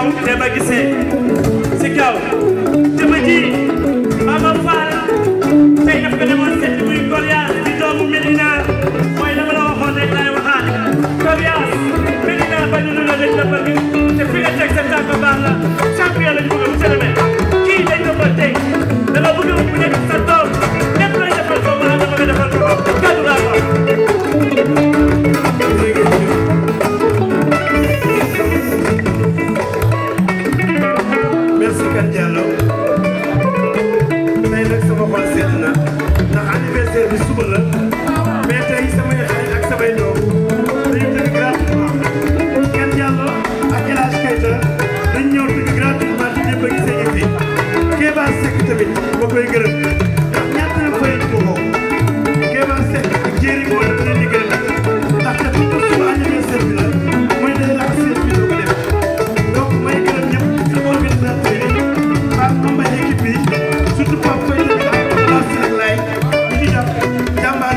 kaw te ba gisee si kaw jëma ji Baba Fall tey daf ko demoon seet muy Goliath di doomu Medina mooy dama la waxoon rek laay waxaat Goliath Medina bañu nu la dañ la bëgg te fi nga teg sa tànk baax la champion lañu bëgg sedd na ndax anniversaire bi suba la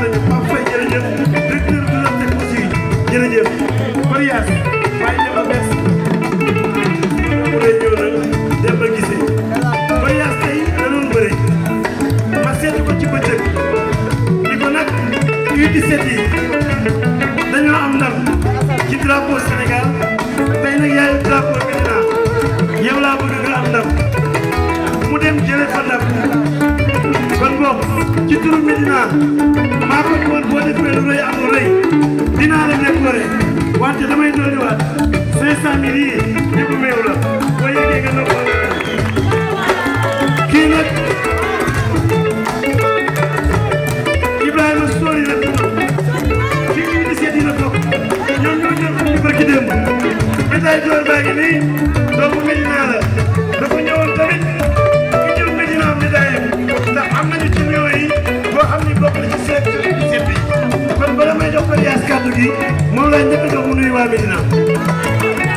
nañu Pape Faye jërëjëf directeur de la technologie jërëjëf Marias waaye Demba Bess bu dee ñëw na Demba Gisé Marias tey da doon bëre ma seeti ko ci bëccëg ni ko nag U17 yi dañoo am ndam ci drapeau Sénégal tey nag yaayu drapeau Medina yow laa bëgg nga am ndam mu dem jëlee fa ndam kon boobu ci turu Medina maa ko ñu woon boo defee lu rëy ak lu rëy dinaa la nekk gore wante damay dolliwaat 500000 yi ñëpp meew la boo yeggee nga noppal kii nag Ibrahima Sori la tudd ci université la bokk ñoom ñoo jël ko ñu barki démb état yi door baa ngi nii doomu Medina la bi moom laa njëkk a jox mu nuyu waa Médina